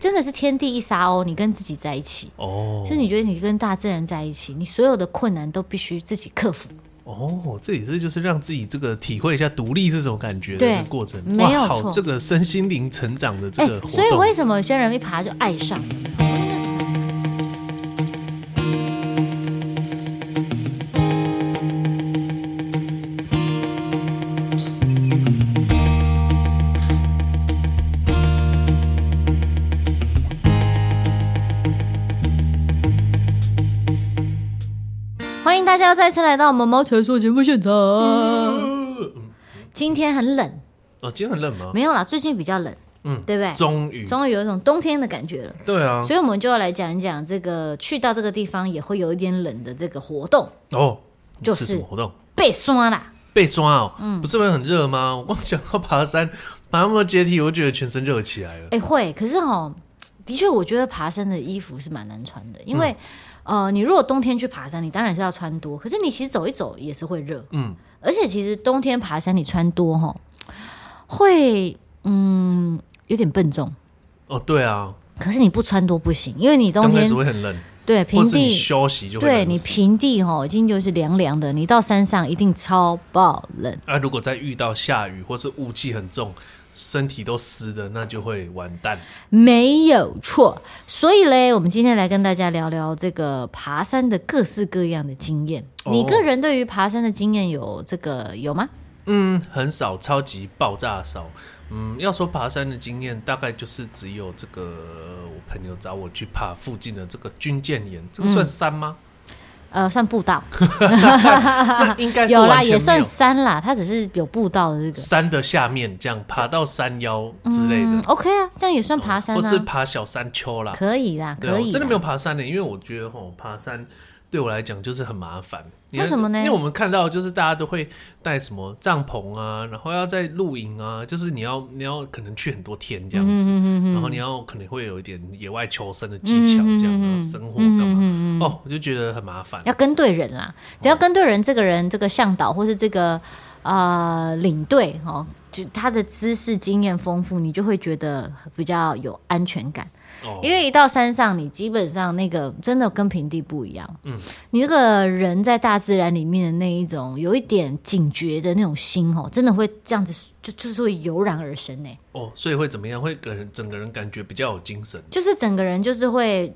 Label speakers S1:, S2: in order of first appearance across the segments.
S1: 真的是
S2: 天地一沙鷗、哦，你跟自己在一起
S1: 哦，所以你
S2: 覺得你跟大自然在一起，你所有的困難都必須自己克服
S1: 哦，這也是就是讓自己這個體會一下獨立是什麼感覺的對、這個、過程，沒有錯，好這個身心靈成長的這個、欸，所以為
S2: 什麼有些人一爬就愛上？嗯再次來到我們《卯起來說》節目現場，今天很冷
S1: 哦。今天很冷嗎？沒
S2: 有啦，最近比較冷，嗯，
S1: 對不對？終於，終
S2: 於有一種冬天的感覺了。對啊，所以我們就要來講一講這個去到這個地方也會有一點冷的這個活動哦。就是、是什麼活動？被刷啦！
S1: 被刷哦，嗯，不是會很熱嗎？嗯、我光想到爬山，爬那麼多階梯，我覺得全身熱起來了。
S2: 哎、欸，會，可是哦，的確，我覺得爬山的衣服是蠻難穿的，因為。嗯呃，你如果冬天去爬山，你當然是要穿多，可是你其實走一走也是會熱，嗯，而且其實冬天爬山你穿多吼，會，嗯，有點笨重。
S1: 哦，對啊。
S2: 可是你不穿多不行，因為你冬天，冬天是會很
S1: 冷。對，平地或是你休息就會冷。對，你平
S2: 地吼已經就是涼涼的，你到山上一定超爆
S1: 冷。那，啊，如果再遇到下雨或是霧氣很重。身體都濕了，那就會完蛋，
S2: 沒有錯。所以呢，我們今天來跟大家聊聊這個爬山的各式各樣的經驗。哦、你個人對於爬山的經驗有這個有嗎？嗯，
S1: 很少，超級爆炸少。嗯，要說爬山的經驗，大概就是只有這個我朋友找我去爬附近的這個軍艦岩，這個算山嗎？嗯
S2: 呃，算步道， 應該是有啦，也算山啦。它只是有步道
S1: 的這個山的下面，這樣爬到山腰之
S2: 類的。嗯、OK 啊，這樣也算爬山。啊，不是
S1: 爬小山丘啦，可
S2: 以啦，可以。真的沒
S1: 有爬山的。欸，因為我覺得吼，爬山。對我來講就是很麻煩，為什麼呢？因為我們看到就是大家都會帶什麼帳篷啊，然後要在露營啊，就是你要你要可能去很多天這樣子，嗯嗯嗯，然後你要可能會有一點野外求生的技巧這樣子，嗯嗯，然後生活幹嘛，嗯嗯嗯嗯。哦，我就覺得很麻煩。要跟
S2: 對人啦，只要跟對人，這個人這個嚮導或是這個呃領隊哦，就他的知識經驗豐富，你就會覺得比較有安全感。因為一到山上，你基本上那個真的跟平地不一樣。嗯，你那個人在大自然裡面的那一種，有一點警覺的那種心哦，真的會這樣子，就就是會油然而生哎。
S1: 哦，所以會怎麼樣？會給人整個人感覺比較有精神，就是
S2: 整個人就是會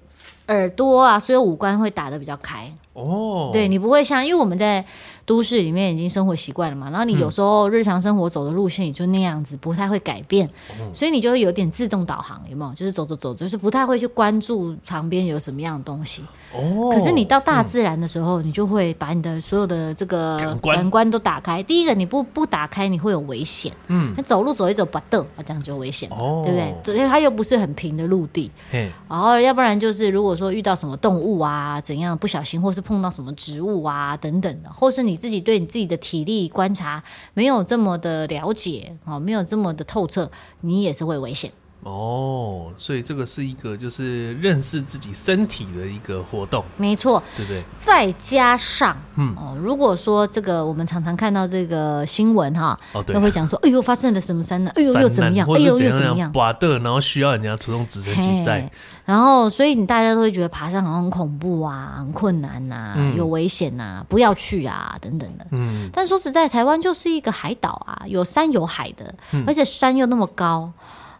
S2: 耳朵啊，所有五官會打得比較開。
S1: 哦、oh,，對，
S2: 你不會像，因為我們在都市裡面已經生活習慣了嘛，然後你有時候日常生活走的路線也就那樣子，不太會改變，嗯，所以你就會有點自動導航，有沒有，就是走着走着就是不太會去關注旁邊有什麼樣的東西。哦、oh,，可是你到大自然的時候，嗯，你就會把你的所有的這個感官都打開。第一個，你不不打開，你會有危險。嗯，你走路走一走，把噔，這樣就危險，oh, 對不對？因為它又不是很平的陸地。嗯、hey.，然後要不然就是，如果說遇到什麼動物啊，怎樣不小心或是。碰到什麼植物啊等等的，或是你自己對你自己的體力觀察沒有這麼的了解哦，沒有這麼的透徹，你也是會危險。
S1: 哦，所以這個是一個就是認識自己身體的一個活動，沒錯，對對？
S2: 再加上，嗯、哦，如果說這個我們常常看到這個新聞哈，哦對，都會講說，哎呦發生了什麼山難？哎呦又怎麼樣，哎呦又怎麼樣，
S1: 颳的，然後需要人家出動直升機在，
S2: 然後所以你大家都會覺得爬山好像很恐怖啊，很困難吶、啊
S1: 嗯，有危
S2: 險吶、啊，不要去啊，等等的。嗯，但說實在，台灣就是一個海島啊，有山有海的，嗯、而且山又那麼高。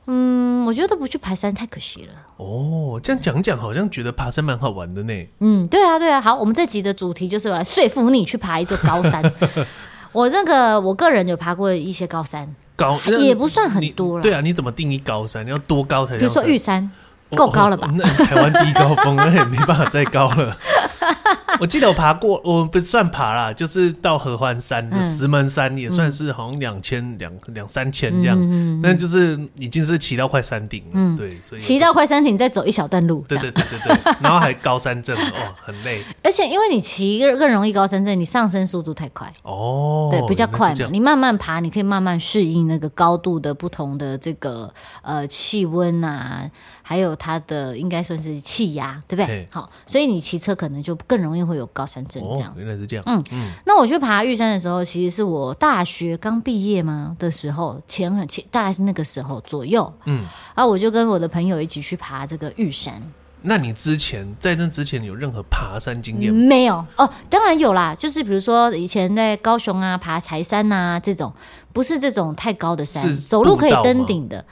S2: 嗯，我覺得不去爬山太可
S1: 惜了。哦，這樣講講，好像覺得爬山蠻好玩的呢。嗯，
S2: 對啊，對啊。好，我們這集的主題就是來說服你去爬一座高山。 我這個，我個人有爬過一些高山，
S1: 高也不算很多了。對啊，你怎麼定義高山？你要多高才叫？比如說玉山。夠高了吧、哦哦。那台灣第一高峰，那 也沒辦法再高了。 我記得我爬過，我不算爬啦，就是到合歡山、嗯、石門山，也算是好像兩千兩兩三千這樣。嗯，嗯，但就是已經是騎到快山頂了、嗯。對，所以騎到
S2: 快山頂再走一小段路。對
S1: 對對對，對然後還高山症 哦，很累。
S2: 而且因為你騎更更容易高山症，你上升速度太快。
S1: 哦。對，比較快。你
S2: 慢慢爬，你可以慢慢適應那個高度的不同的這個呃氣溫啊。還有它的應該算是氣壓，對不對？好，所以你騎車可能就更容易會有高山症這樣、哦、
S1: 原來是這樣，嗯嗯。
S2: 那我去爬玉山的時候，其實是我大學剛畢業嘛的時候，前很前大概是那個時候左右，嗯。
S1: 然、
S2: 啊、後我就跟我的朋友一起去爬這個玉山。
S1: 那你之前在那之前有任何爬山經驗嗎？沒
S2: 有哦，當然有啦，就是比如說以前在高雄啊爬柴山啊，這種，不是這種太高的山，是走路可以登頂的。嗯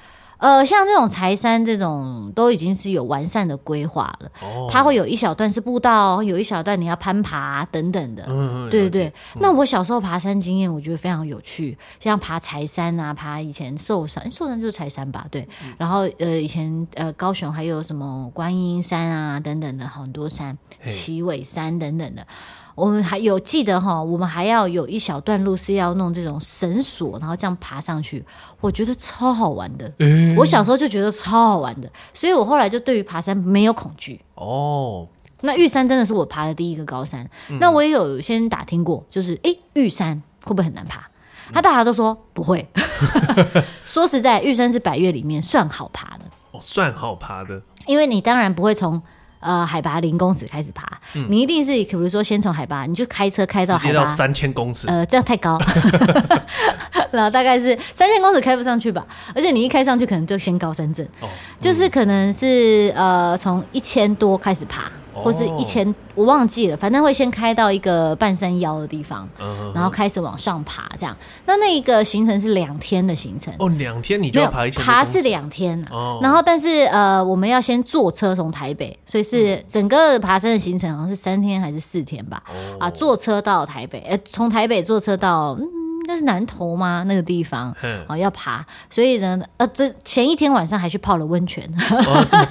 S2: 呃，像這種柴山這種都已經是有完善的規劃了。哦，它會有一小段是步道，有一小段你要攀爬、啊、等等的。嗯嗯嗯、對對對、嗯，那我小時候爬山經驗，我覺得非常有趣，嗯、像爬柴山啊，爬以前壽山，壽山、欸、壽山就是柴山吧？對。嗯、然後呃，以前呃，高雄還有什麼觀音山啊等等的很多山，旗尾山等等的。我們還有記得哈，我們還要有一小段路是要弄這種繩索，然後這樣爬上去，我覺得超好玩的。我小時候就覺得超好玩的，所以我後來就對於爬山沒有恐懼。哦，那玉山真的是我爬的第一個高山。嗯、那我也有先打聽過，就是誒，玉山會不會很難爬？嗯、他大家都說不會。 說實在，玉山是百岳裡面算好爬的、
S1: 哦，算好爬的，
S2: 因為你當然不會從。呃，海拔零公尺開始爬，嗯、你一定是比如說先從海拔，你就開車開到海拔直接到三千公尺，呃，這樣太高， 然後大概是三千公尺開不上去吧，而且你一開上去可能就先高山症、哦嗯、就是可能是呃從一千多開始爬。或是一千，我忘記了，反正會先開到一個半山腰的地方，Uh-huh. 然後開始往上爬，這樣。那那一個行程是兩天的行程哦，Oh,
S1: 兩天你就要爬一爬是
S2: 兩天，啊，oh. 然後但是呃，我們要先坐車從台北，所以是整個爬山的行程好像是三天還是四天吧？Oh. 啊，坐車到台北，呃，從台北坐車到。那是南投嗎？那個地方哦，要爬，所以呢，呃，這前一天晚上還去泡了溫泉，哦、 泉，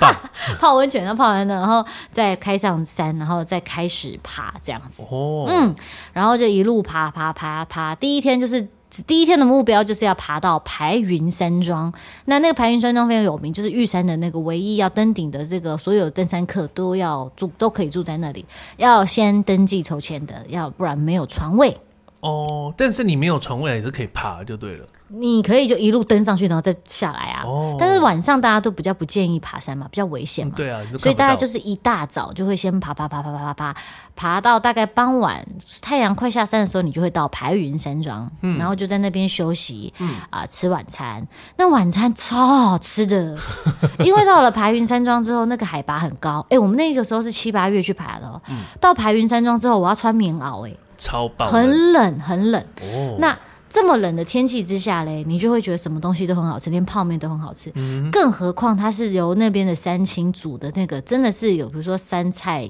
S2: 泡溫泉後泡完呢，然後再開上山，然後再開始爬，這樣子。哦，嗯，然後就一路爬爬爬爬，爬，第一天就是第一天的目標就是要爬到排雲山莊。那那個排雲山莊非常有名，就是玉山的那個唯一要登頂的這個，所有登山客都要住，都可以住在那裡，要先登記籌錢的，要不然沒有床位。
S1: 哦，但是你沒有床位也是可以爬就對了。
S2: 你可以就一路登上去，然後再下來啊、哦。但是晚上大家都比較不建議爬山嘛，比較危險嘛、嗯。對啊。
S1: 所以大家就是
S2: 一大早就會先爬爬爬爬爬爬爬，爬到大概傍晚太陽快下山的時候，你就會到排雲山莊、嗯，然後就在那邊休息，啊、嗯呃，吃晚餐。那晚餐超好吃的， 因為到了排雲山莊之後，那個海拔很高。哎、欸，我們那個時候是七八月去爬的、嗯，到排雲山莊之後，我要穿棉襖、欸，
S1: 哎，超棒，很冷
S2: 很冷。哦，那。這麼冷的天氣之下嘞，你就會覺得什麼東西都很好吃，連泡麵都很好吃。嗯，更何況它是由那邊的山青煮的那個，真的是有比如說三菜、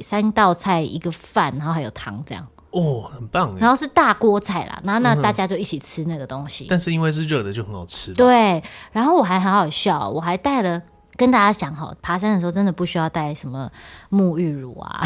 S2: 三道菜一個飯，然後還有湯這樣。
S1: 哦，很棒。然後是
S2: 大鍋菜啦，那那大家就一起吃那個東西。
S1: 嗯，但是因為是熱的，就很好吃。對，
S2: 然後我還很好笑，我還帶了。跟大家講好，爬山的時候真的不需要帶什麼沐浴乳啊、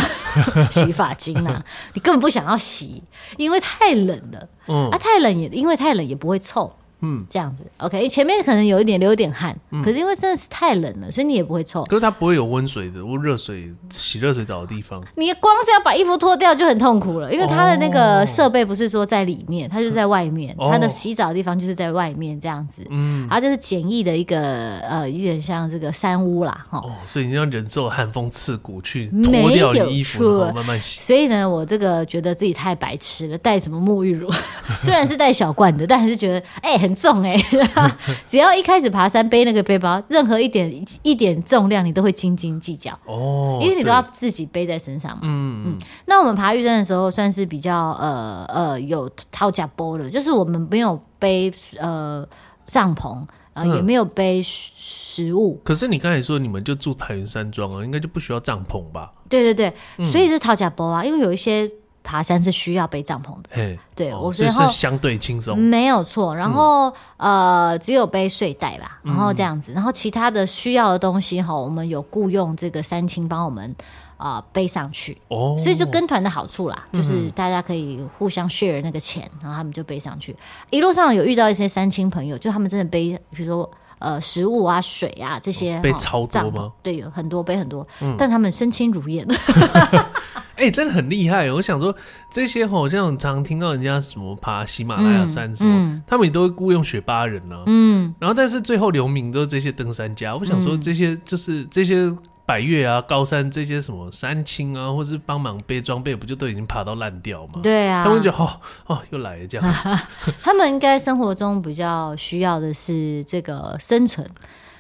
S2: 洗髮精啊， 你根本不想要洗，因為太冷了。嗯，啊，太冷也因為太冷也不會臭。嗯，這樣子，OK，前面可能有一點流一點汗，嗯，可是因為真的是太冷了，所以你也不
S1: 會臭。可是它不會有溫水的，或熱水洗熱水澡的地方。
S2: 你光是要把衣服脫掉就很痛苦了，因為它的那個設備不是說在裡面，哦，它就是在外面，哦，它的洗澡的地方就是在外面這樣子。嗯，哦，它就是簡易的一個呃，有點像這個山屋啦，哦，
S1: 所以你要忍受寒風刺骨去脫掉你衣服，慢慢洗
S2: 是是。所以呢，我這個覺得自己太白痴了，帶什麼沐浴乳？ 雖然是帶小罐的，但是覺得哎很。欸重哎、欸， 只要一開始爬山背那個背包，任何一點一點重量你都會斤斤計較哦，因為你都要自己背在身上嘛。嗯嗯，那我們爬玉山的時候算是比較呃呃有掏假包的，就是我們沒有背呃帳篷啊、呃嗯，也沒有背
S1: 食物。可是你剛才說你們就住排雲山莊啊，應該就不需要帳篷吧？
S2: 對對對，嗯、所以是掏假包啊，因為有一些。爬山是需要背帳篷的，hey, 對我、哦，所以
S1: 相對輕鬆，
S2: 沒有錯。然後、嗯、呃，只有背睡袋吧，然後這樣子，嗯、然後其他的需要的東西哈，我們有僱傭這個山青幫我們啊、呃、背上去哦，所以就跟團的好處啦、嗯，就是大家可以互相 share 那個錢，然後他們就背上去。一路上有遇到一些山青朋友，就他們真的背，比如說。呃，食物啊，水啊，這些背，哦，超多嗎？對，有很多背很多，嗯，但他們身輕如燕。
S1: 哎、 欸，真的很厲害！我想說這些好像常聽到人家什麼爬喜馬拉雅山什麼，嗯嗯，他們也都會雇傭雪巴人呢，啊。嗯，然後但是最後留名都是這些登山家。我想說這些就是這些。百嶽啊，高山這些什麼山青啊，或是幫忙背裝備，不就都已經爬到爛掉嗎？對啊，他們就哦哦，又來了這樣。
S2: 他們應該生活中比較需要的是這個生存，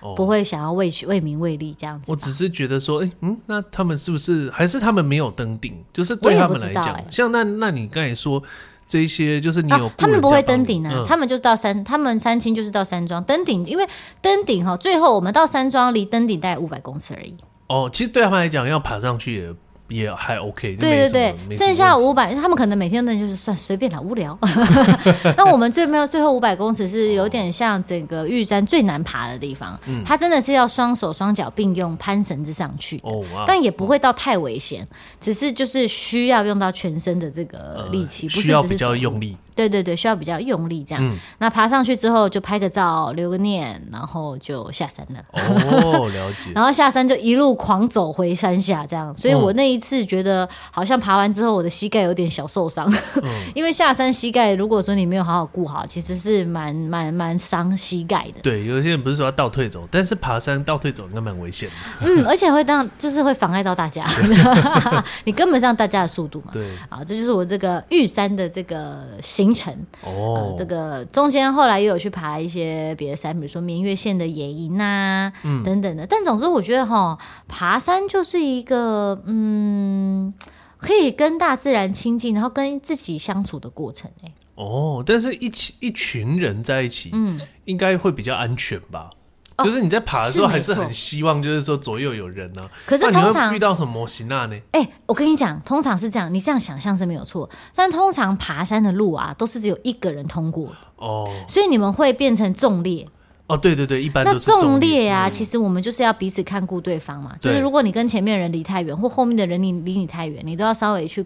S2: 哦、不會想要為為名為利這樣子。我
S1: 只是覺得說，哎、欸、嗯，那他們是不是還是他們沒有登頂？就是對他們來講、欸，像那那你剛才說這些，就是你有你、啊、他們不會登頂啊、嗯？他
S2: 們就到山，他們山青就是到山莊登頂，因為登頂哈，最後我們到山莊離登頂大概五
S1: 百公尺而已。哦，其實對他們來講，要爬上去也也還 OK。對對對，剩下
S2: 五百，他們可能每天呢就是算隨便啦，無聊。 那我們最沒有最後五百公尺是有點像整個玉山最難爬的地方，嗯、它真的是要雙手雙腳並用攀繩子上去、哦，但也不會到太危險、哦，只是就是需要用到全身的這個力氣、呃，需要比較用力。對對對，需要比較用力這樣。嗯、那爬上去之後就拍個照留個念，然後就下山了。哦，了解。 然後下山就一路狂走回山下這樣。所以我那一次覺得好像爬完之後我的膝蓋有點小受傷， 因為下山膝蓋如果說你沒有好好顧好，其實是蠻蠻蠻傷膝蓋的。
S1: 對，有些人不是說要倒退走，但是爬山倒退走應該蠻危險的。
S2: 嗯，而且會讓就是會妨礙到大家， 你跟不上大家的速度嘛。
S1: 對。啊，這
S2: 就是我這個玉山的這個行程哦、呃，這個中間後來又有去爬一些別的山，比如說眠月線的野營啊、嗯，等等的。但總之，我覺得哈，爬山就是一個嗯，可以跟大自然親近，然後跟自己相處的過程、欸、
S1: 哦，但是一起一群人在一起，嗯，應該會比較安全吧。就是你在爬的時候還是很希望，就是說左右有人呢、啊哦。可是通常遇到什麼模型娜呢？哎、
S2: 欸，我跟你講，通常是這樣，你這樣想象是沒有錯。但通常爬山的路啊，都是只有一個人通過哦，所以你們會變成縱列。
S1: 哦，對對對，一般都是重那縱
S2: 列啊、嗯，其實我們就是要彼此看顧對方嘛。就是如果你跟前面的人離太遠，或後面的人你離你太遠，你都要稍微去。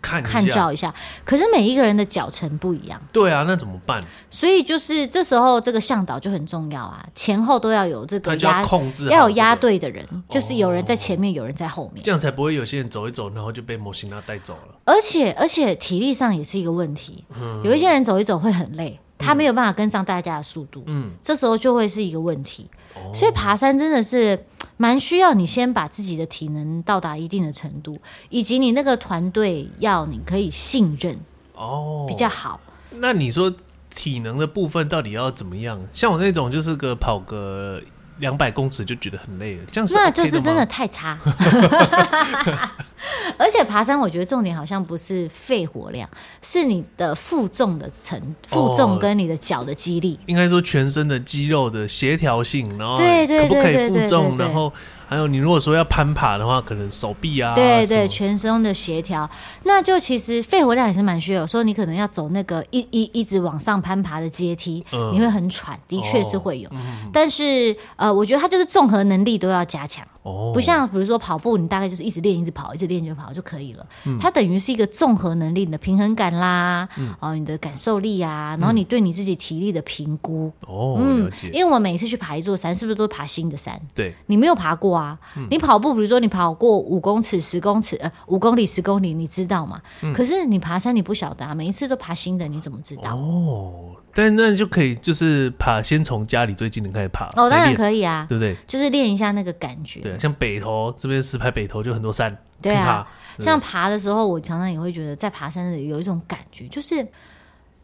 S1: 看，看教一下，
S2: 可是每一個人的腳程不一樣。
S1: 對啊，那怎麼辦？
S2: 所以就是這時候，這個向導就很重要啊，前後都要有這個壓控制，要有壓隊的人對對，就是有人在前面，oh, 有人在後面，
S1: 這樣才不會有些人走一走，然後就被魔神仔帶走了。
S2: 而且而且體力上也是一個問題，嗯，有一些人走一走會很累，他沒有辦法跟上大家的速度，嗯，這時候就會是一個問題。所以爬山真的是蠻需要你先把自己的體能到達一定的程度，以及你那個團隊要你可以信任
S1: 哦，比較好。那你說體能的部分到底要怎麼樣？像我那種就是個跑個兩百公尺就覺得很累了，這樣子 okay 嗎？那就是真的
S2: 太差。 而且爬山，我覺得重點好像不是肺活量，是你的負重的程負重跟你的腳的肌
S1: 力，哦、應該說全身的肌肉的協調性，然後可不可以負重，對對對對對對對對，然後。還有你如果說要攀爬的話，可能手臂啊，對
S2: 對，全身的協調，那就其實肺活量也是蠻需要。有時候，你可能要走那個一一一直往上攀爬的階梯、嗯，你會很喘，的確是會有。哦嗯、但是呃，我覺得它就是綜合能力都要加強。哦，不像比如說跑步，你大概就是一直練一直跑，一直練就跑就可以了、嗯。它等於是一個綜合能力，你的平衡感啦、嗯，哦，你的感受力啊，然後你對你自己體力的評估。哦，嗯。因為我每次去爬一座山，是不是都爬新的山？對，你沒有爬過啊。啊、嗯，你跑步，比如說你跑過五公尺，十公尺，呃，五公里，十公里，你知道嗎？嗯、可是你爬山，你不曉得啊。每一次都爬新的，你怎麼知道？
S1: 哦，但那就可以，就是爬，先從家裡最近的開始爬。哦，當然可以啊，對不對？
S2: 就是練一下那個感
S1: 覺。對、啊，像北投這邊石牌北投，就很多山，對啊啪啪對。像
S2: 爬的時候，我常常也會覺得，在爬山的有一種感覺，就是。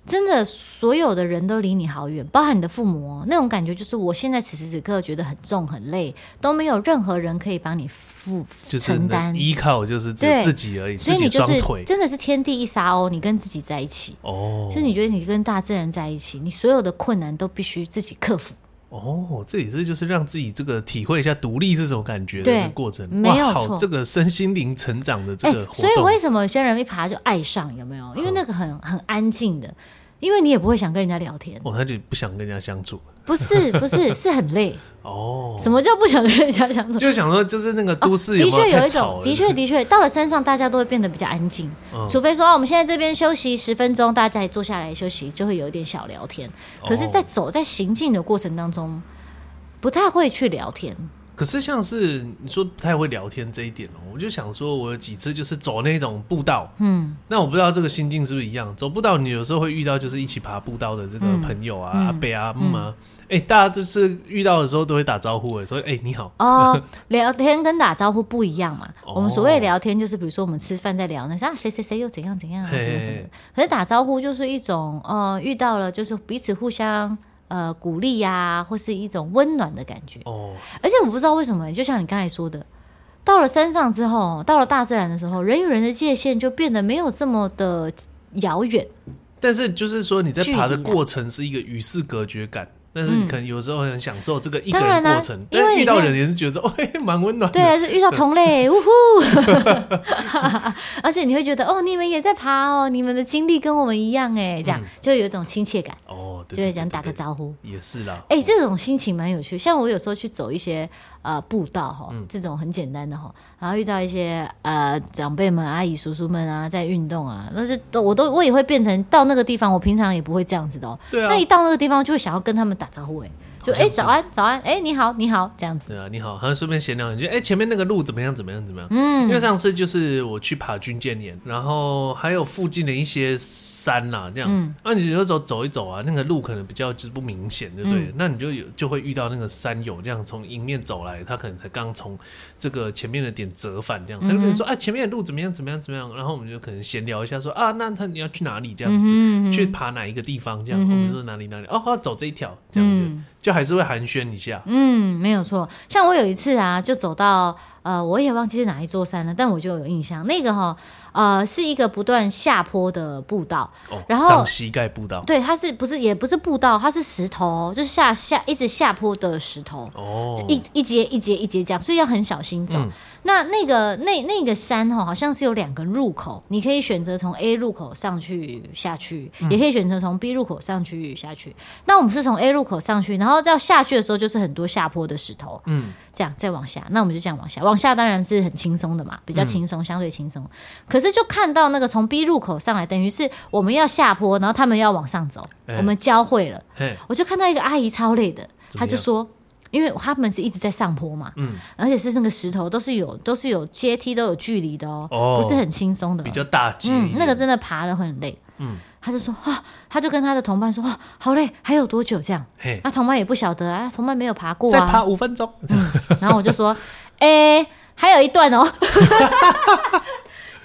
S2: 真的，所有的人都離你好遠，包含你的父母，哦，那種感覺就是，我現在此時此刻覺得很重很累，都沒有任何人可以幫你負承擔，就是，依
S1: 靠就是對自己而已。所以你就是，自己雙腿，真的是
S2: 天地一沙鷗，哦，你跟自己在一起
S1: 哦。Oh. 所以你
S2: 覺得你跟大自然在一起，你所有的困難都必須自己克服。
S1: 哦，這也是就是讓自己這個體會一下獨立是什麼感覺的、這個、過程。哇，沒有好，這個身心靈成長的這個活動、欸，所以為什
S2: 麼有些人一爬就愛上，有沒有？因為那個很、哦、很安靜的。因為你也不會想跟人家聊天，
S1: 哦，他就不想跟人家相處。 不是，不是，是
S2: 很累哦。
S1: 什麼叫不想跟人家相處？就想說，就是那個都市有有、哦、的確有一種， 的確
S2: 的確，到了山上，大家都會變得比較安靜、哦。除非說啊，我們現在這邊休息十分鐘，大家坐下來休息，就會有一點小聊天。哦、可是，在走，在行進的過程當中，不太會去聊天。
S1: 可是像是你說不太會聊天這一點哦，我就想說，我有幾次就是走那種步道，嗯，那我不知道這個心境是不是一樣。走步道，你有時候會遇到就是一起爬步道的這個朋友啊、阿、嗯、北、嗯、啊、姆、嗯、啊，哎、欸，大家就是遇到的時候都會打招呼，哎，說、欸、哎，你好。
S2: 哦， 聊天跟打招呼不一樣嘛。哦、我們所謂聊天就是比如說我們吃飯在聊呢，啊誰誰誰又怎樣怎樣啊什麼什麼。可是打招呼就是一種，嗯、呃，遇到了就是彼此互相。呃，鼓勵呀、啊，或是一種溫暖的感覺。哦、oh.。而且我不知道為什麼，就像你剛才說的，到了山上之後，到了大自然的時候，人與人的界限就變得沒有這麼的遙遠。
S1: 但是，就是說你在爬的過程是一個與世隔絕感，但是可能有時候很享受這個一個人的過程，嗯、因為遇到人也是覺得哦、哎、蠻溫暖。對、啊，還是遇到同
S2: 類，嗚呼、 呃。而且你會覺得哦，你們也在爬哦，你們的經歷跟我們一樣哎，這樣、嗯、就有一種親切感。哦、oh.。對對對對對就會講打個招呼，對對
S1: 對對也是啦。哎、欸，
S2: 這種心情蠻有趣。像我有時候去走一些、呃、步道哈、哦，嗯，這種很簡單的哈、哦，然後遇到一些呃長輩們、阿姨叔叔們啊，在運動啊，那是我都我也會變成到那個地方，我平常也不會這樣子的、哦。對、那、啊、一到那個地方，就會想要跟他們打招呼哎。就哎，早安早安，哎你好你好，這樣子、欸、這樣子，
S1: 對啊你好，好像順便閒聊一下哎，前面那個路怎麼樣怎麼樣怎麼樣。嗯，因為上次就是我去爬軍艦岩，然後還有附近的一些山啊，這樣那、嗯啊、你有時候走一走啊那個路可能比較就是不明顯對不對、嗯、那你就有就會遇到那個山友這樣從迎面走來，他可能才剛從這個前面的點折返這樣、嗯、他就跟你說啊、欸、前面的路怎麼樣怎麼樣怎麼樣，然後我們就可能閒聊一下說啊那他你要去哪裡這樣子、嗯、哼哼去爬哪一個地方這樣、嗯、我們說哪裡哪裡哦、喔、要走這一條這
S2: 樣子的。嗯嗯。
S1: 就還是會寒暄一下，嗯，
S2: 沒有錯。像我有一次啊，就走到呃，我也忘記是哪一座山了，但我就有印象那個哈。呃，是一個不斷下坡的步道，哦、然後上膝
S1: 蓋步道。對，
S2: 它是不是也不是步道，它是石頭，就是下下一直下坡的石頭，哦、一一節一節一節這樣，所以要很小心走。嗯、那那個那那個山吼、哦，好像是有兩個入口，你可以選擇從 A 入口上去下去、嗯，也可以選擇從 B 入口上去下去。那我們是從 A 入口上去，然後到下去的時候就是很多下坡的石頭，嗯。這樣再往下，那我們就這樣往下。往下當然是很輕鬆的嘛，比較輕鬆、嗯，相對輕鬆。可是就看到那個從 B 入口上來，等於是我們要下坡，然後他們要往上走，欸、我們交匯了、欸。我就看到一個阿姨超累的，她就說，因為他們是一直在上坡嘛，嗯，而且是那個石頭都是有，都是有階梯，都有距離的哦，哦，不是很輕鬆的、哦，比較
S1: 大，嗯，那個
S2: 真的爬得很累，嗯。他就說、哦、他就跟他的同伴說、哦、好累，還有多久？這樣，他、啊、同伴也不曉得啊，同伴沒有爬過、啊，再爬五分鐘。嗯、然後我就說，哎、 欸，還有一段哦，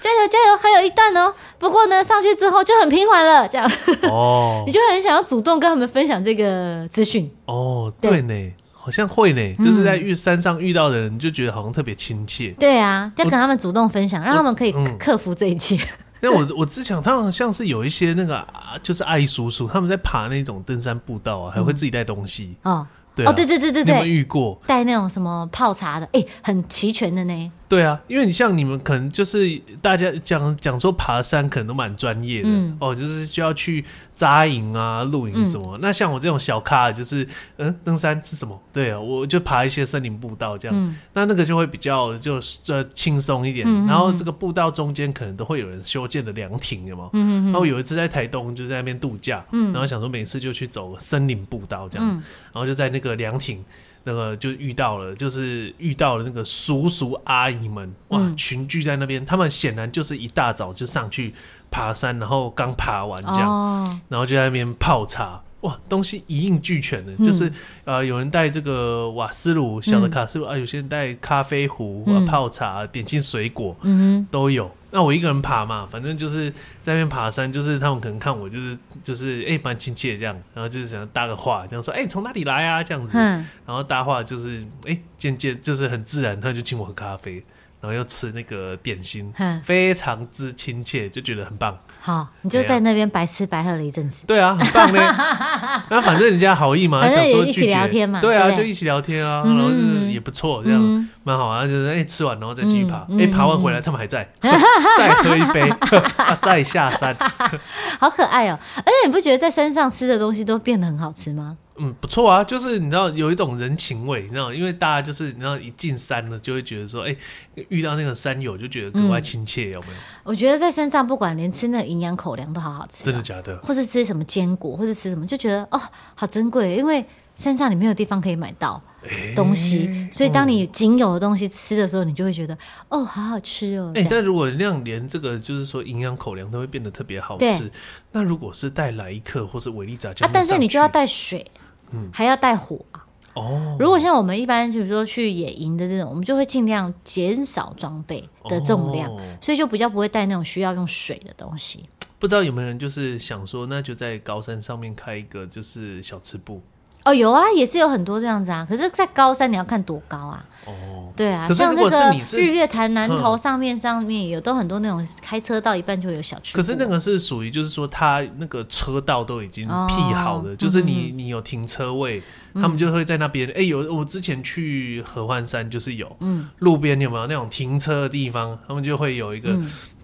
S2: 加油加油，還有一段哦。不過呢，上去之後就很平緩了，這
S1: 樣哦， 你
S2: 就很想要主動跟他們分享這個資訊
S1: 哦。對呢，好像會呢、嗯，就是在玉山上遇到的人，就覺得好像特別親切。對
S2: 啊，要跟他們主動分享，讓他們可以克服這一切。但我、
S1: 我之前看到像是有一些那個，就是阿姨叔叔他們在爬那種登山步道啊，還會自己帶東西、嗯哦、啊、對、哦，哦對對對對對，你有沒有遇過
S2: 帶那種什麼泡茶的，哎，很齊全的呢。
S1: 對啊，因為你像你們可能就是大家講講說爬山可能都蠻專業的、嗯、哦，就是就要去紮營啊、露營什麼。嗯、那像我這種小咖，就是嗯，登山是什麼？對啊，我就爬一些森林步道這樣。嗯、那那個就會比較就呃輕鬆一點、嗯嗯。然後這個步道中間可能都會有人修建的涼亭，有沒有、嗯嗯嗯？然後有一次在台東就在那邊度假、嗯，然後想說每次就去走森林步道這樣，嗯、然後就在那個涼亭。那個就遇到了，就是遇到了那個叔叔阿姨們，哇，嗯、群聚在那邊。他們顯然就是一大早就上去爬山，然後剛爬完這樣、哦，然後就在那邊泡茶。哇，東西一應俱全的，嗯，就是，呃、有人帶這個瓦斯爐、小的卡式爐、嗯、啊，有些人帶咖啡壺啊、嗯，泡茶、點心、水果，嗯哼，都有。那我一個人爬嘛，反正就是在那邊爬山，就是他們可能看我，就是，就是就是哎，蠻，欸、親切這樣，然後就是想搭個話，這樣說哎，從，欸、哪裡來啊這樣子，嗯、然後搭話就是哎，漸，欸、漸就是很自然，他就請我喝咖啡。然後又吃那個點心，非常之親切，就覺得很棒。
S2: 好，你就在那邊白吃白喝了一陣子。對啊，很棒呢。
S1: 那反正人家好意嘛，想說一起聊天嘛，對、啊。對啊，就一起聊天啊，嗯嗯嗯，然後就是也不錯，嗯嗯，這樣嗯嗯蠻好玩。就是哎，吃完然後再繼續爬，哎、嗯嗯嗯，爬完回來他們還在， 再喝一杯， 再下山。
S2: 好可愛哦！而且你不覺得在山上吃的東西都變得很好吃嗎？
S1: 嗯，不錯啊，就是你知道有一種人情味，你知道，因為大家就是你知道一進山了，就會覺得說，哎、欸，遇到那個山友就覺得格外親切、嗯，有沒
S2: 有？我覺得在山上不管連吃那個營養口糧都好好吃，
S1: 真的假的？或是
S2: 吃什麼堅果，或者吃什麼，就覺得哦，好珍貴，因為山上裡沒有地方可以買到東西、欸，所以當你僅有的東西吃的時候，嗯、你就會覺得哦，好好吃哦。哎、欸，但
S1: 如果那樣連這個就是說營養口糧都會變得特別好吃，那如果是帶來一客或是維力炸醬、啊，但是你就要
S2: 帶水。還要帶火啊！
S1: 哦，如
S2: 果像我們一般，就是說去野營的這種，我們就會儘量減少裝備的重量，哦，所以就比較不會帶那種需要用水的
S1: 東西。不知道有沒有人就是想說，那就在高山上面開一個就是小吃部。
S2: 哦，有啊，也是有很多這樣子啊。可是，在高山你要看多高啊。哦。對啊，可是如果是你是像那個日月潭南投上面上面、嗯、上面有都很多那種開車到一半就有小
S1: 區。可是那個是屬於就是說它那個車道都已經闢好了、哦，就是你你有停車位，哦，他們就會在那邊。哎，嗯欸，有，我之前去合歡山就是有，嗯，路邊有沒有那種停車的地方，他們就會有一個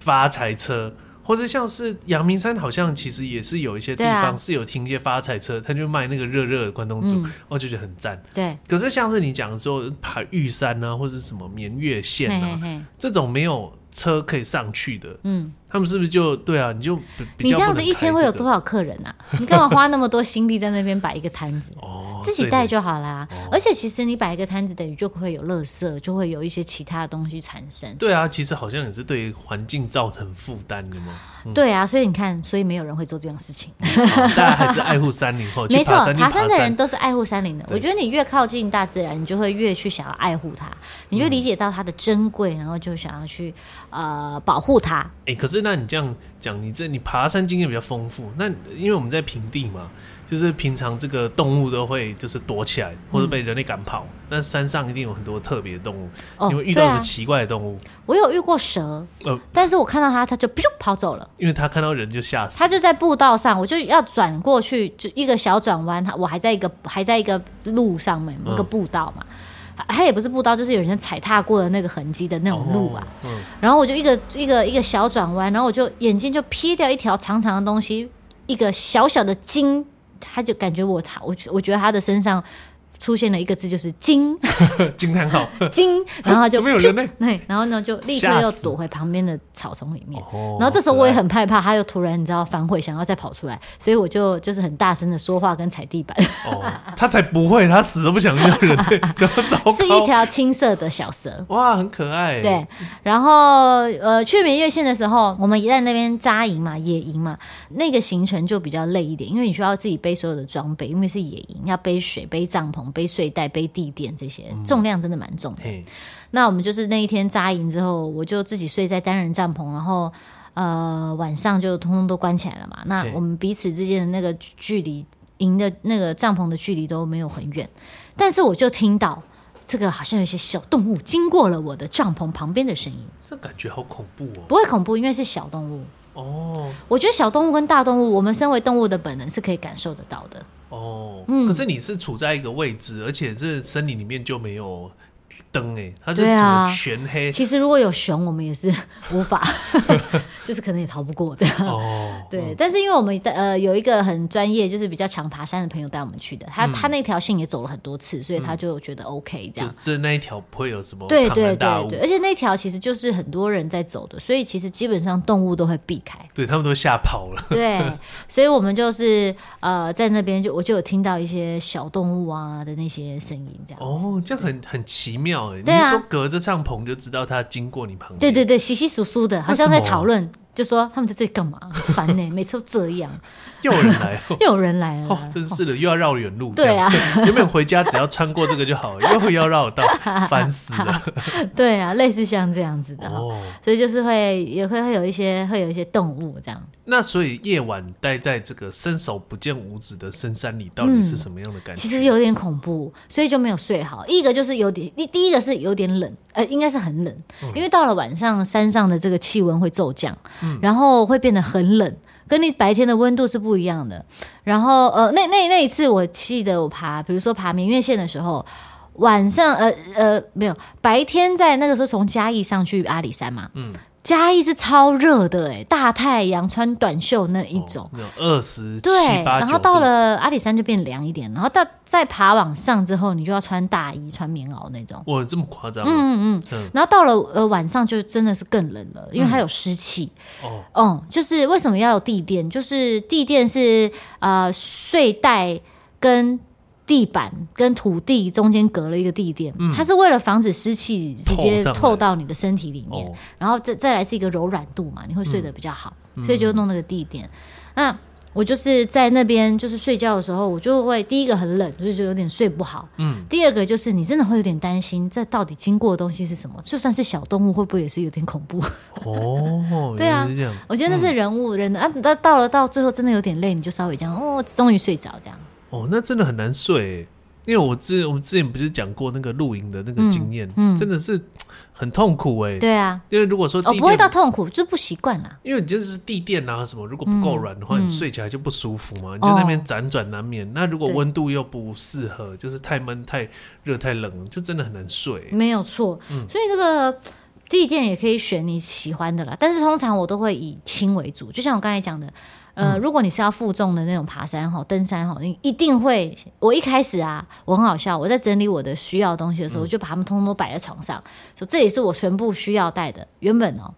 S1: 發財車。嗯或者像是陽明山，好像其實也是有一些地方是有停一些發財車，他、啊、就賣那個熱熱的關東煮，我、嗯哦、就覺得很讚。對，可是像是你講的時候，爬玉山啊或者什麼綿越線啊嘿嘿嘿這種沒有車可以上去的。嗯。他們是不是就對啊？你就、這個、你這樣子一天會有多少
S2: 客人啊？ 你幹嘛花那麼多心力在那邊擺一個攤子？ 哦，
S1: 自己帶就
S2: 好啦、哦。而且其實你擺一個攤子，等於就會有垃圾，就會有一些其他的東西產生。
S1: 對啊，其實好像也是對於環境造成負擔的嘛。對啊，
S2: 所以你看，所以沒有人會做這樣的事情、 哦。大家還是愛護山林後。哦、 沒錯，爬山的人都是愛護山林的。我覺得你越靠近大自然，你就會越去想要愛護它，你就理解到它的珍貴，然後就想要去、嗯、呃保護它。哎、
S1: 欸，可是。那你這樣講，你這你爬山經驗比較豐富。那因為我們在平地嘛，就是平常這個動物都會就是躲起來，或者被人類趕跑、嗯。但山上一定有很多特別的動物、哦，你會遇到什麼奇怪的動物、
S2: 啊？我有遇過蛇，呃，但是我看到它，它就咻跑走了，
S1: 因為它看到人就嚇死。它就
S2: 在步道上，我就要轉過去，就一個小轉彎，它我還在一個還在一個路上面一個步道嘛。嗯它也不是步道，就是有人踩踏過的那個痕跡的那種路啊、哦嗯。然後我就一個一個一個小轉彎，然後我就眼睛就瞥掉一條長長的東西，一個小小的筋，他就感覺我他我我覺得他的身上。出現了一個字，就是驚，
S1: 驚嘆 驚嘆號！驚，然後就怎 有人呢？對，
S2: 然後呢就立刻又躲回旁邊的草叢裡面。哦，然後這時候我也很害怕，怕，他又突然你知道反悔，想要再跑出來，所以我就就是很大聲的說話跟踩地板。 哦，
S1: 他才不會，他死都不想要人類對，要
S2: 遭。是一條青色的小蛇， 哇，很可愛。對，然後呃，去眠月線的時候，我們一在那邊紮營嘛，野營嘛，那個行程就比較累一點，因為你需要自己背所有的裝備，因為是野營，要背水，背帳篷。背睡袋、背地墊，這些重量真的蠻重的，嗯。那我們就是那一天扎營之後，我就自己睡在單人帳篷，然後呃晚上就通通都關起來了嘛。那我們彼此之間的那個距離，營的那個帳篷的距離都沒有很遠，但是我就聽到這個好像有些小動物經過了我的帳篷旁邊的聲音。
S1: 這感覺好恐怖哦！不
S2: 會恐怖，因為是小動物。哦，我覺得小動物跟大動物，我們身為動物的本能是可以感受得到的。
S1: 哦，嗯，可是你是處在一個位置，而且這森林裡面就沒有。燈哎、欸，它是怎麼全黑、啊？其實
S2: 如果有熊，我們也是無法， 就是可能也逃不過的。哦、oh,，對、嗯，但是因為我們呃有一個很專業，就是比較強爬山的朋友帶我們去的，他他、嗯、那條線也走了很多次，所以他就覺得 OK、嗯、這樣。就
S1: 這那一條不會有什麼龐然大物。對對對對，而且
S2: 那條其實就是很多人在走的，所以其實基本上動物都會避開，
S1: 對他們都嚇跑了。對，
S2: 所以我們就是呃在那邊就我就有聽到一些小動物啊的那些聲音
S1: 這樣。哦、oh,，這很很奇妙。妙、欸、啊、你說隔着帳篷就知道他經過你旁邊。對對對，
S2: 稀稀疏疏的，好像在討論、啊，就說他們在這裡幹嘛？煩 呢、欸，每次都這樣。又有
S1: 人來、哦， 又有人來了、哦，真是的，又要繞遠路、哦。對啊， 有沒有回家？只要穿過這個就好了，又會要繞道，煩死了。 了
S2: 對啊，類似像這樣子的，oh. 所以就是會也會會有一些會有一些動物這樣。
S1: 那所以夜晚待在這個伸手不見五指的深山裡，到底是什麼樣的感覺、嗯？其實有點
S2: 恐怖，所以就沒有睡好。一個就是有點，第第一個是有點冷，呃，應該是很冷、嗯，因為到了晚上山上的這個氣溫會驟降、嗯，然後會變得很冷，跟你白天的溫度是不一樣的。然後呃，那那那一次我記得我爬，比如說爬明月線的時候，晚上呃呃沒有白天在那個時候從嘉義上去阿里山嘛，嗯。嘉義是超熱的哎，大太陽，穿短袖那一種，
S1: 有、哦、二十七八對，然後到
S2: 了阿里山就變涼一點，然後到再爬往上之後，你就要穿大衣，穿棉襖那種。
S1: 哇，這麼誇張？嗯嗯嗯。
S2: 然後到了呃晚上就真的是更冷了，因為它有濕氣，嗯。哦、嗯。就是為什麼要有地墊？就是地墊是呃睡袋跟。地板跟土地中間隔了一個地墊、嗯，它是為了防止濕氣直接透到你的身體裡面，哦、然後再再來是一個柔軟度嘛，你會睡得比較好，嗯、所以就弄那個地墊、嗯。那我就是在那邊就是睡覺的時候，我就會第一個很冷，我就是有點睡不好。嗯，第二個就是你真的會有點擔心，這到底經過的東西是什麼？就算是小動物，會不會也是有點恐怖？哦，
S1: 對啊，我
S2: 覺得那是人物、嗯、人啊，那到了到最後真的有點累，你就稍微這樣，哦，終於睡着這樣。
S1: 哦，那真的很難睡，因為我之我們之前不是講過那個露營的那個經驗、嗯嗯，真的是很痛苦哎。對啊，因為如果說地墊、哦、不會到
S2: 痛苦，就不習慣啦。
S1: 因為你就是地墊啊什麼，如果不夠軟的話、嗯，你睡起來就不舒服嘛，嗯、你就那邊輾轉難眠、哦。那如果溫度又不適合，就是太悶、太熱、太冷，就真的很難睡。
S2: 沒有錯，嗯，所以那個地墊也可以選你喜歡的啦，但是通常我都會以輕為主，就像我剛才講的。呃，如果你是要負重的那種爬山吼，登山吼，你一定會。我一開始啊，我很好笑，我在整理我的需要的東西的時候，就把它們通通都擺在床上，所以這也是我全部需要帶的原本哦、喔。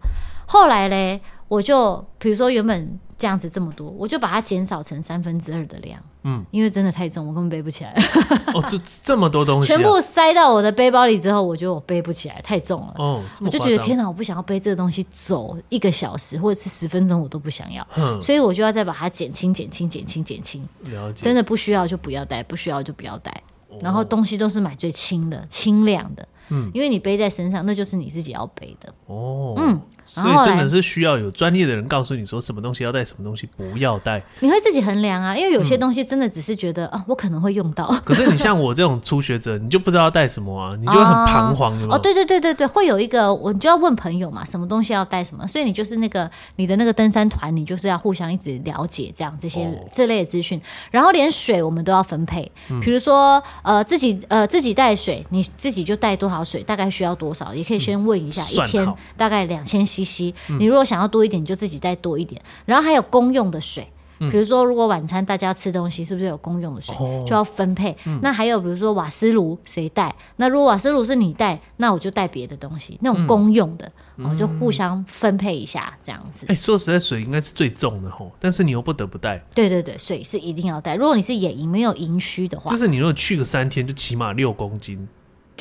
S2: 後來嘞。我就比如說原本這樣子這麼多，我就把它減少成三分之二的量。嗯，因為真的太重，我根本背不起
S1: 來。 哦，這這麼多東西、啊、全部
S2: 塞到我的背包裡之後，我覺得我背不起來，太重了。
S1: 哦，麼我就覺得天哪、啊，
S2: 我不想要背這個東西走一個小時，或者是十分鐘，我都不想要。嗯，所以我就要再把它減輕、減輕、減輕、減輕、嗯。了解。真的不需要就不要帶，不需要就不要帶、哦。然後東西都是買最輕的、輕量的。嗯，因為你背在身上，那就是你自己要背的。
S1: 哦。嗯。所以真的是需要有專業的人告訴你說什麼東西要帶，什麼東西不要帶。
S2: 你會自己衡量啊，因為有些東西真的只是覺得、嗯、啊，我可能會用到。可是你像
S1: 我這種初學者， 你就不知道要帶什麼啊，你就會很彷徨，哦，
S2: 對、哦、對對對對，會有一個我，你就要問朋友嘛，什麼東西要帶什麼。所以你就是那個你的那個登山團，你就是要互相一直了解這樣這些、哦、這類的資訊。然後連水我們都要分配，比、嗯、如說呃自己呃自己帶水，你自己就帶多少水，大概需要多少，也可以先問一下、嗯、一天大概兩千。西西，你如果想要多一點，嗯、你就自己帶多一點。然後還有公用的水，
S1: 嗯、比如說
S2: 如果晚餐大家吃東西，是不是有公用的水，哦，就要分配，嗯？那還有比如說瓦斯爐誰帶？那如果瓦斯爐是你帶，那我就帶別的
S1: 東西，那種公
S2: 用的，我，嗯、就互相分配一下這樣子。哎，
S1: 欸，說實在，水應該是最重的吼，但是你又不得不帶。
S2: 對對對，水是一定要帶。如果你是野營沒有營區的話，就是
S1: 你如果去個三天，就起碼六公斤。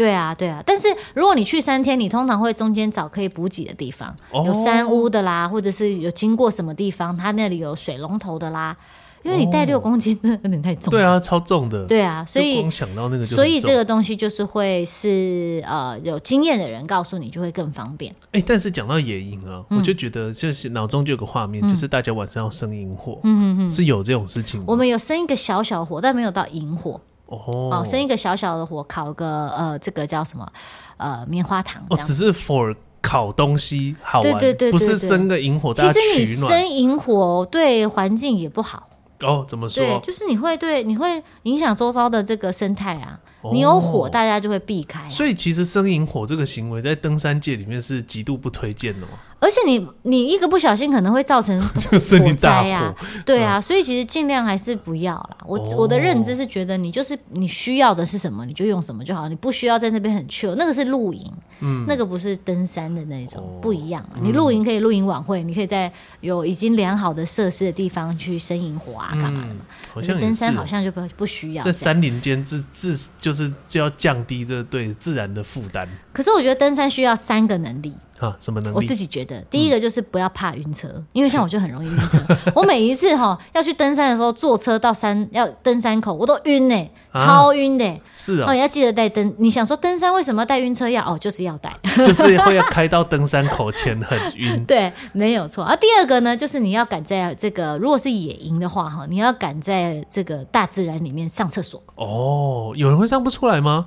S2: 對啊，對啊，但是如果你去三天，你通常會中間找可以補給的地方、哦，有山屋的啦，或者是有經過什麼地方，它那裡有水龍頭的啦。因為你帶六
S1: 公斤的有點太重了、哦，對啊，超重的，對啊，所以想到那個，所以這個東
S2: 西就是會是呃有經驗的人告訴你就會更方便。
S1: 哎，但是講到野營啊、嗯，我就覺得就是腦中就有個畫面，嗯、就是大家晚上要生營火，嗯嗯嗯，是有這種事情。我
S2: 們有生一個小小火，但沒有到營火。Oh. 哦，生一個小小的火，烤個呃，這個叫什麼？呃，棉花糖。哦，oh，只
S1: 是 for 烤東西，好玩。對對對，對，對，不是生個營火大家取暖，其實你生
S2: 營火對環境也不好。
S1: 哦，oh，怎麼說？對，就
S2: 是你會對，你會影響周遭的這個生態啊。你有火、哦，大家就會避開、
S1: 啊。所以其實生營火這個行為，在登山界裡面是極度不推薦的嘛。
S2: 而且你你一個不小心，可能會造成火災啊 就是你大火。對啊、嗯，所以其實儘量還是不要啦。我、哦、我的認知是覺得，你就是你需要的是什麼，你就用什麼就好。你不需要在那邊很 chill，那個是露營，嗯，那個不是登山的那種，哦、不一樣嘛。你露營可以露營晚會、嗯，你可以在有已經良好的設施的地方去生營火啊，幹嘛的嘛。嗯、
S1: 登山好像就不
S2: 不需要在，在山
S1: 林間自自就。就是就要降低這對自然的負擔。
S2: 可是我覺得登山需要三個能力。
S1: 啊，什麼能力？我自己覺得，第
S2: 一個就是不要怕暈車、嗯，因為像我就很容易暈車、欸。我每一次哈、喔、 要去登山的時候，坐車到山要登山口，我都暈呢、欸，
S1: 超暈
S2: 呢、欸啊。是啊、哦，喔、要記得帶燈。你想說登山為什麼要帶暈車藥？哦、喔，就是要帶，就是會要
S1: 開到登山口前很暈。
S2: 對，沒有錯。而、啊、第二個呢，就是你要敢在這個如果是野營的話哈，你要敢在這個大自然裡面上廁所。
S1: 哦，有人會上不出來嗎？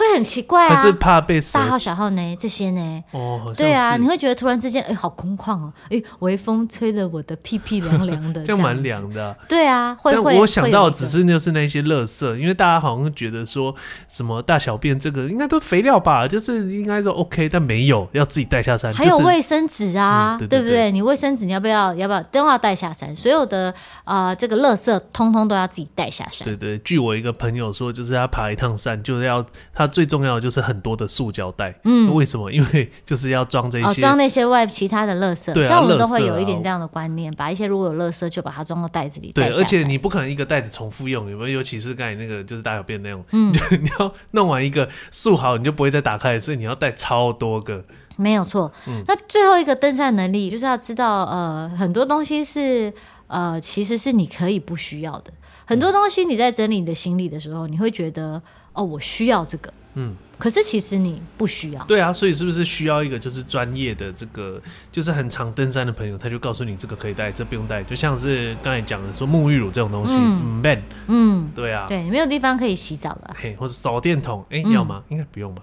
S2: 會很奇怪啊！還是怕被大號、小號呢？這些呢？哦好
S1: 像，對啊，你
S2: 會覺得突然之間，哎，好空曠哦、啊！哎，微風吹得我的屁屁涼涼的，呵呵這樣蠻
S1: 涼的。對啊會，但我想到只是就是那些垃圾，因為大家好像覺得說什麼大小便這個應該都肥料吧，就是應該都 OK，但沒有要自己帶下山，就是、還有衛
S2: 生紙啊、嗯對對對，對不對？你衛生紙你要不要？要不要都要帶下山？所有的啊、呃，這個垃圾通通都要自己帶下山。
S1: 對對，據我一個朋友說，就是他爬一趟山，就是要他。最重要的就是很多的塑膠袋，嗯，為什麼？因為就是要裝這些，裝、哦、那
S2: 些外其他的垃圾。對啊，像我們都會有一點這樣的觀念，啊、把一些如果有垃圾就把它裝到袋子裡，對，而且
S1: 你不可能一個袋子重複用，有沒有？尤其是剛才那個就是大小便那種，嗯， 你要弄完一個塑好，你就不會再打開，所以你要帶超多個，
S2: 沒有錯、嗯。那最後一個登山能力就是要知道，呃，很多東西是呃其實是你可以不需要的，很多東西你在整理你的行李的時候，嗯、你會覺得哦，我需要這個。嗯，可是其實你不需要。
S1: 對啊，所以是不是需要一個就是專業的這個，就是很常登山的朋友，他就告訴你這個可以帶，這個、不用帶。就像是剛才講的，說沐浴乳這種東西，嗯 b n 嗯，對啊，
S2: 對，沒有地方可以洗澡了，
S1: 嘿，或者手電筒，哎、欸，要嗎？嗯、應該不用吧？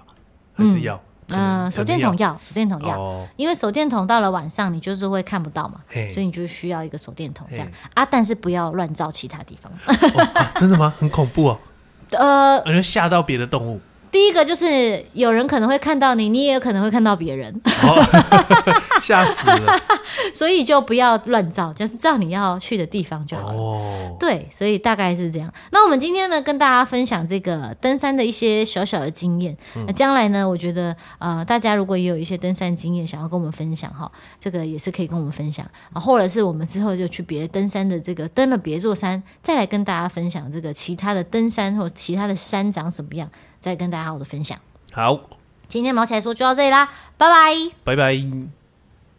S1: 還是要？嗯，呃、手電筒要，
S2: 手電筒要、哦，因為手電筒到了晚上你就是會看不到嘛，嘿所以你就需要一個手電筒這樣啊，但是不要亂照其他地方 、
S1: 哦啊。真的嗎？很恐怖哦。呃，而且嚇到別的動物。
S2: 第一個就是有人可能會看到你，你也有可能會看到別人 、
S1: 哦，嚇死了，
S2: 所以就不要亂照，就是照你要去的地方就好了。哦。對，所以大概是這樣。那我們今天呢，跟大家分享這個登山的一些小小的經驗。那、嗯、啊、將來呢，我覺得呃，大家如果也有一些登山經驗，想要跟我們分享這個也是可以跟我們分享、啊、或者是我們之後就去別登山的這個登了別座山，再來跟大家分享這個其他的登山或其他的山長什麼樣。再跟大家好好的分享，好，今天卯起來說就到這裡啦，拜拜，
S1: 拜拜。